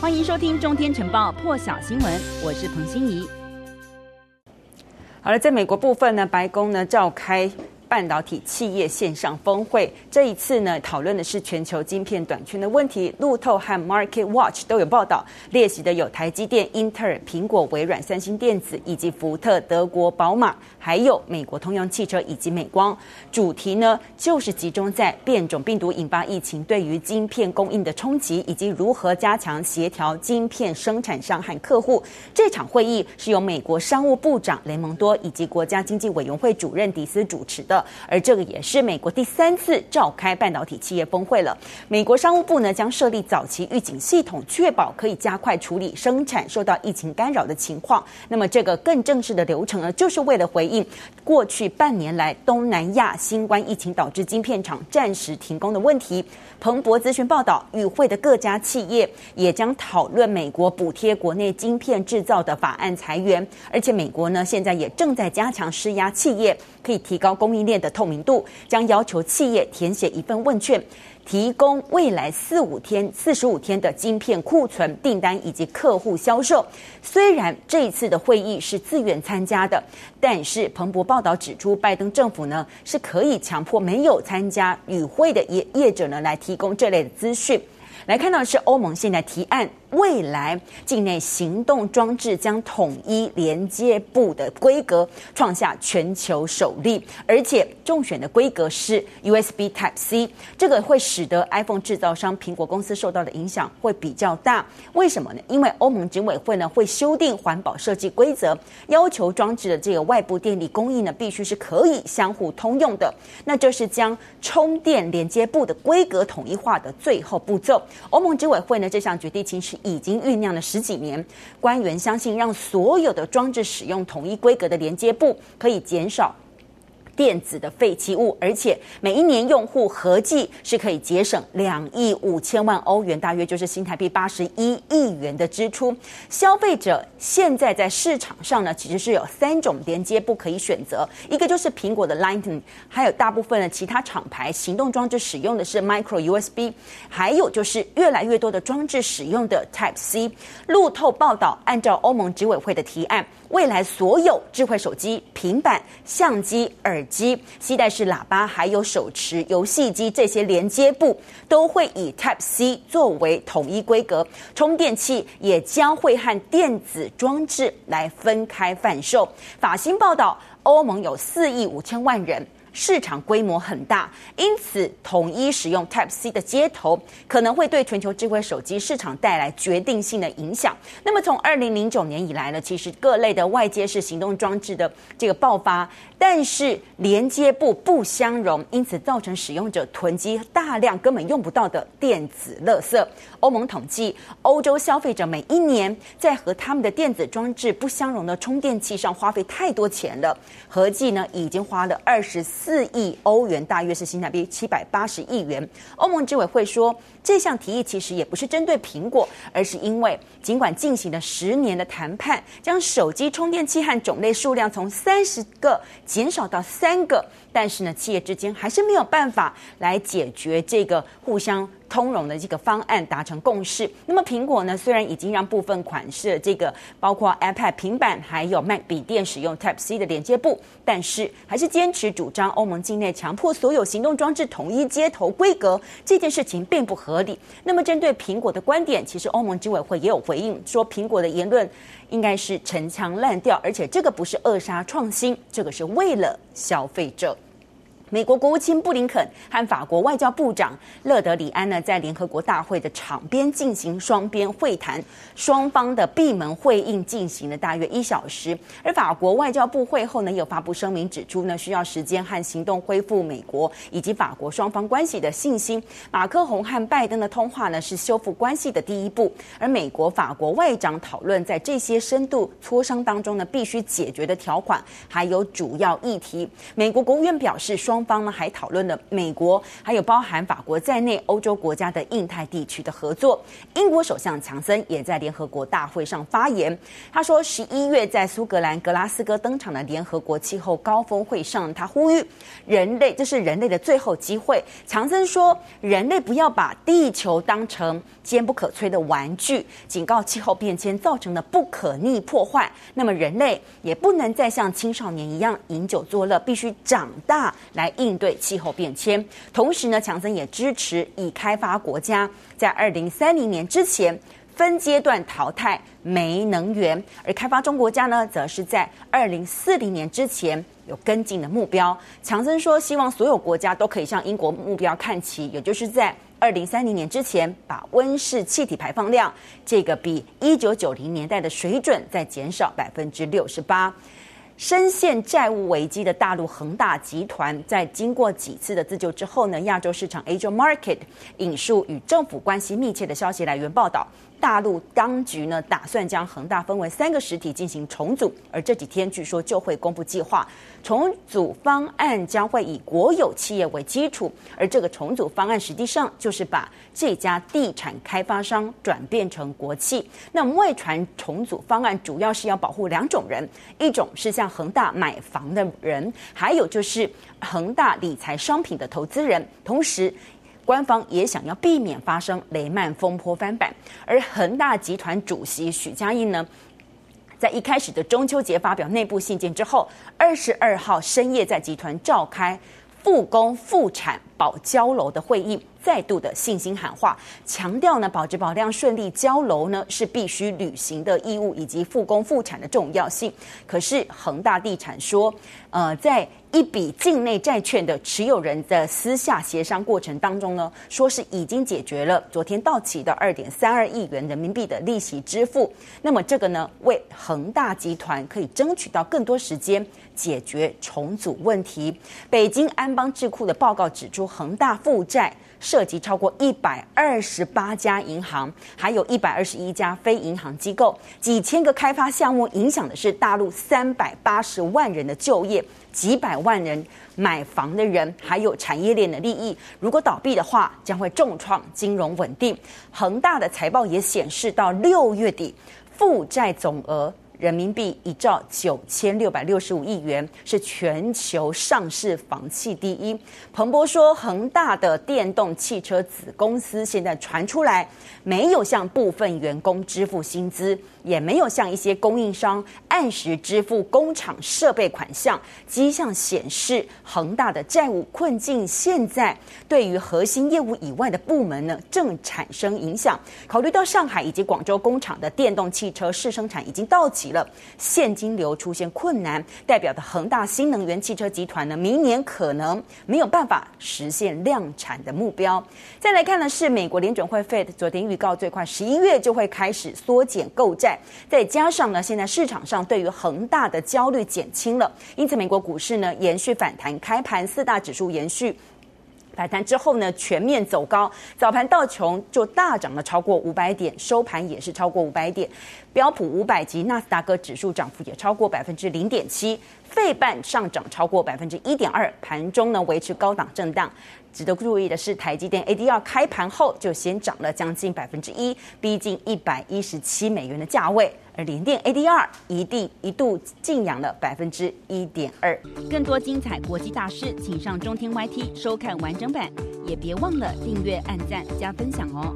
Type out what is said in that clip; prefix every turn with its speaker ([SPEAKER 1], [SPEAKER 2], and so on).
[SPEAKER 1] 歡迎收聽《中天晨報》破曉新聞，我是彭心怡。好了，在美國部分呢，白宮呢召開半導體企業線上峰會，這一次呢，討論的是全球晶片短缺的問題。路透和 Market Watch 都有報道，列席的有台積電、英特爾、蘋果、微軟、三星電子以及福特、德國寶馬，還有美國通用汽車以及美光。主題呢，就是集中在變種病毒引發疫情對於晶片供應的衝擊，以及如何加強協調晶片生產商和客戶。這場會議是由美國商務部長雷蒙多以及國家經濟委員會主任狄斯主持的。而這個也是美國第三次召開半導體企業峰會了。美國商務部呢，將設立早期預警系統，確保可以加快處理生產受到疫情干擾的情況。那麼這個更正式的流程呢，就是為了回應過去半年來東南亞新冠疫情導致晶片廠暫時停工的問題。彭博資訊報道，與會的各家企業也將討論美國補貼國內晶片制造的法案裁員。而且美國呢現在也正在加強施壓企業，可以提高供應鏈的透明度，將要求企業填寫一份問卷，提供未來四五天、四十五天的晶片庫存、訂單以及客戶銷售。雖然這一次的會議是自願參加的，但是彭博報道指出，拜登政府呢是可以強迫沒有參加與會的業業者呢來提供這類的資訊。來看到是歐盟現在提案。未來境內行動裝置將統一連接埠的規格，創下全球首例。而且，中選的規格是 USB Type-C，這個會使得 iPhone 製造商蘋果公司受到的影響會比較大。為什麼呢？因為歐盟執委會呢會修訂環保設計規則，要求裝置的這個外部電力供應呢必須是可以相互通用的。那就是將充電連接埠的規格統一化的最後步驟。歐盟執委會呢這項決定其實。已經醞釀了十幾年，官員相信，讓所有的裝置使用統一規格的連接埠，可以減少。電子的廢棄物，而且每一年用戶合計是可以節省兩億五千萬歐元，大約就是新台幣八十一億元的支出。消費者現在在市場上呢，其實是有三種連接埠可以選擇，一個就是蘋果的 Lightning，還有大部分的其他廠牌行動裝置使用的是 Micro USB，還有就是越來越多的裝置使用的 Type C。路透報道，按照歐盟執委會的提案，未來所有智慧手機、平板、相機、耳機。機、攜帶式喇叭，還有手持遊戲機這些連接埠都會以 Type-C 作為統一規格，充電器也將會和電子裝置來分開販售。法新報道，歐盟有四億五千萬人。市場規模很大，因此統一使用 Type-C 的接頭可能會對全球智慧手機市場帶來決定性的影響。那麼，從二零零九年以來呢，其實各類的外接式行動裝置的這個爆發，但是連接埠不相容，因此造成使用者囤積大量根本用不到的電子垃圾。歐盟統計，歐洲消費者每一年在和他們的電子裝置不相容的充電器上花費太多錢了，合計呢已經花了二十四。四億歐元，大約是新台幣七百八十億元。歐盟執委會說，這項提議其實也不是針對蘋果，而是因為儘管進行了十年的談判，將手機充電器和種類數量從三十個減少到三個，但是呢，企業之間還是沒有辦法來解決這個互相通融的這個方案達成共識。那麼蘋果呢？雖然已經讓部分款式這個包括 iPad 平板還有 Mac 筆電使用 Type-C 的連接埠，但是還是堅持主張歐盟境內強迫所有行動裝置統一接頭規格這件事情並不合理。那麼針對蘋果的觀點，其實歐盟執委會也有回應，說蘋果的言論應該是陳腔濫調，而且這個不是扼殺創新，這個是為了消費者。美國國務卿布林肯和法國外交部長勒德里安呢，在聯合國大會的場邊進行雙邊會談，雙方的閉門會議進行了大約一小時。而法國外交部會後呢，又發布聲明指出呢，需要時間和行動恢復美國以及法國雙方關係的信心。馬克宏和拜登的通話呢，是修復關係的第一步。而美國法國外長討論在這些深度磋商當中呢，必須解決的條款還有主要議題。美國國務院表示雙。雙方呢還討論了美國還有包含法國在內歐洲國家的印太地區的合作。英國首相強森也在聯合國大會上發言，他說：“十一月在蘇格蘭格拉斯哥登場的聯合國氣候高峰會上，他呼籲人類這是人類的最後機會。”強森說：“人類不要把地球當成堅不可摧的玩具，警告氣候變遷造成的不可逆破壞。那麼人類也不能再像青少年一樣飲酒作樂，必須長大來。”應對氣候變遷，同時呢，強森也支持已開發國家在二零三零年之前分階段淘汰煤能源，而開發中國家呢，則是在二零四零年之前有跟進的目標。強森說，希望所有國家都可以向英國目標看齊，也就是在二零三零年之前，把溫室氣體排放量這個比一九九零年代的水準再減少百分之六十八。深陷債務危機的大陸恆大集團，在經過幾次的自救之後呢，亞洲市場 Asia Markets 引述與政府關係密切的消息來源報道，大陸當局呢打算將恆大分為三個實體進行重組，而這幾天據說就會公布計劃。重組方案將會以國有企業為基礎，而這個重組方案實際上就是把這家地產開發商轉變成國企。那麼外傳重組方案主要是要保護兩種人，一種是向。恆大買房的人，還有就是恆大理財商品的投資人，同時，官方也想要避免發生雷曼風波翻版。而恆大集團主席許家印呢，在一開始的中秋節發表內部信件之後，二十二號深夜在集團召開復工復產保交樓的會議。再度的信心喊話，強調呢保質保量順利交樓呢是必須履行的義務，以及復工復產的重要性。可是恆大地產說，呃在。一筆境內債券的持有人的私下協商過程當中呢，說是已經解決了昨天到期的二點三二億元人民幣的利息支付。那麼這個呢，為恆大集團可以爭取到更多時間解決重組問題。北京安邦智庫的報告指出，恆大負債涉及超過一百二十八家銀行，還有一百二十一家非銀行機構，幾千個開發項目，影響的是大陸三百八十萬人的就業。幾百萬人買房的人，還有產業鏈的利益，如果倒閉的話，將會重創金融穩定。恆大的財報也顯示，到六月底負債總額，人民幣一兆九千六百六十五億元，是全球上市房企第一。彭博說，恆大的電動汽車子公司現在傳出來沒有向部分員工支付薪資，也沒有向一些供應商按時支付工廠設備款項。跡象顯示，恆大的債務困境現在對於核心業務以外的部門呢，正產生影響。考慮到上海以及廣州工廠的電動汽車試生產已經到期。了，現金流出現困難，代表的恆大新能源汽車集團呢，明年可能沒有辦法實現量產的目標。再來看呢是美國聯準會 Fed 昨天預告，最快十一月就會開始縮減購債，再加上呢現在市場上對於恆大的焦慮減輕了，因此美國股市呢延續反彈，開盤四大指數延續。反彈之後呢，全面走高。早盤道瓊就大漲了超過五百點，收盤也是超過五百點。標普五百及納斯達克指數漲幅也超過百分之零點七，費半上漲超過百分之一點二，盤中呢維持高檔震盪。值得注意的是，台積電 ADR 開盤後就先漲了將近百分之一，逼近一百一十七美元的價位。而聯電 ADR 一地，一度勁揚了百分之一點二。更多精彩國際大事，請上中天 YT 收看完整版，也別忘了訂閱、按讚、加分享哦。